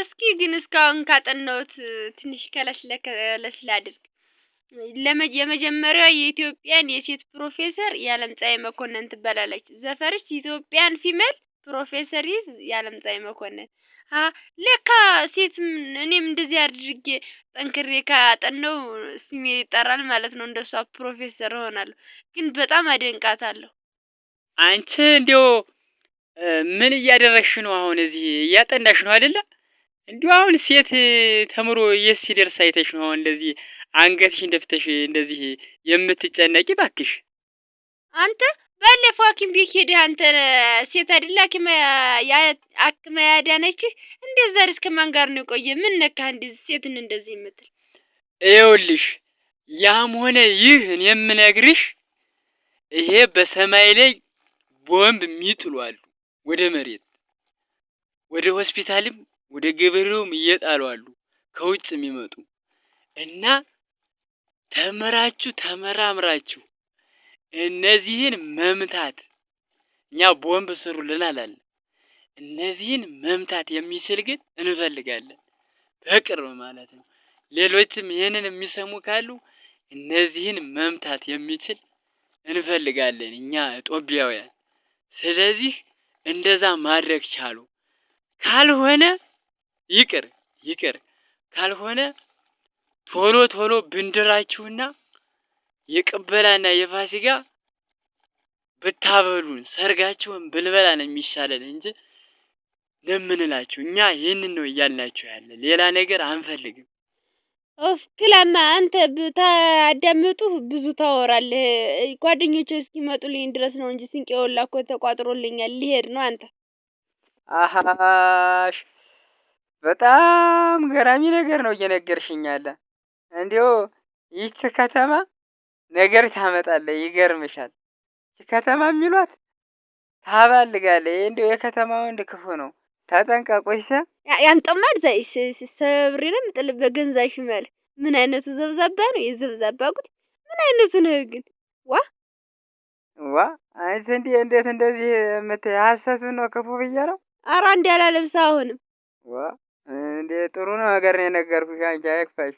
እስኪ ግን እስካሁን ካጠናሁት ትንሽ ከለስለስ ላድርግ። የመጀመሪያዋ የኢትዮጵያን የሴት ፕሮፌሰር የዓለምፀሐይ መኮንን ትባላለች። ዘፈርስ ኢትዮጵያን ፊሜል ፕሮፌሰር ይዝ የዓለምፀሐይ መኮንን ለካ ሴት እኔም እንደዚህ አድርጌ ጠንክሬ ካጠነው ስሜ ይጠራል ማለት ነው። እንደሷ ፕሮፌሰር እሆናለሁ። ግን በጣም አደንቃታለሁ። አንቺ እንዲያው ምን እያደረግሽ ነው? አሁን እዚህ እያጠናሽ ነው አይደለ? እንዲሁ አሁን ሴት ተምሮ የት ሲደርስ አይተሽ ነው እንደዚህ አንገትሽ እንደፍተሽ እንደዚህ የምትጨነቂ? ባክሽ አንተ ባለፈው ሐኪም ቤት ሄደህ አንተ ሴት አይደለ አክመ ያዳነች እንደዛ እስከ ከማን ጋር ነው የቆየ? ምን ነካ እንደዚህ ሴትን እንደዚህ የምትል? ይኸውልሽ ያም ሆነ ይህ እኔ የምነግርሽ ይሄ በሰማይ ላይ ቦምብ የሚጥሉ አሉ፣ ወደ መሬት ወደ ሆስፒታልም ወደ ገበሬውም እየጣሉ አሉ ከውጭ የሚመጡ እና ተምራችሁ ተመራምራችሁ እነዚህን መምታት እኛ ቦምብ ስሩልን አላለን። እነዚህን መምታት የሚችል ግን እንፈልጋለን በቅርብ ማለት ነው። ሌሎችም ይህንን የሚሰሙ ካሉ እነዚህን መምታት የሚችል እንፈልጋለን እኛ ኢትዮጵያውያን። ስለዚህ እንደዛ ማድረግ ቻሉ ካልሆነ ይቅር ይቅር ካልሆነ ቶሎ ቶሎ ብንድራችሁና የቅበላና የፋሲካ ብታበሉን ሰርጋችሁን ብልበላ ነው የሚሻለን እንጂ ለምንላችሁ እኛ ይህንን ነው እያልናችሁ ያለ ሌላ ነገር አንፈልግም። ኦፍ ክላማ አንተ ብታዳምጡ ብዙ ታወራለህ። ጓደኞቹ እስኪመጡልኝ ድረስ ነው እንጂ ስንቄ ወላ እኮ ተቋጥሮልኛል። ሊሄድ ነው አንተ አሃሽ በጣም ገራሚ ነገር ነው እየነገርሽኛለ። እንዲሁ ይህች ከተማ ነገር ታመጣለ፣ ይገርምሻል። ይህች ከተማ የሚሏት ታባልጋለ። እንዲሁ የከተማ ወንድ ክፉ ነው፣ ታጠንቀቁሽ። ያንጠማድ ዛይሽ ሰብሪንም ጥልበ ገንዛሽ ይመል ምን አይነቱ ዘብዛባ ነው የዘብዛባ ጉድ! ምን አይነቱ ነው ግን? ዋ ዋ! አንቺ እንዲህ እንዴት እንደዚህ የምትይ ሀሰቱ ነው ክፉ ብዬ ነው። አራ እንዲ እንዲያላለብሰ አሁንም ዋ እንዴ ጥሩ ነገር ነው የነገርኩሽ አንቺ አይክፋሽ።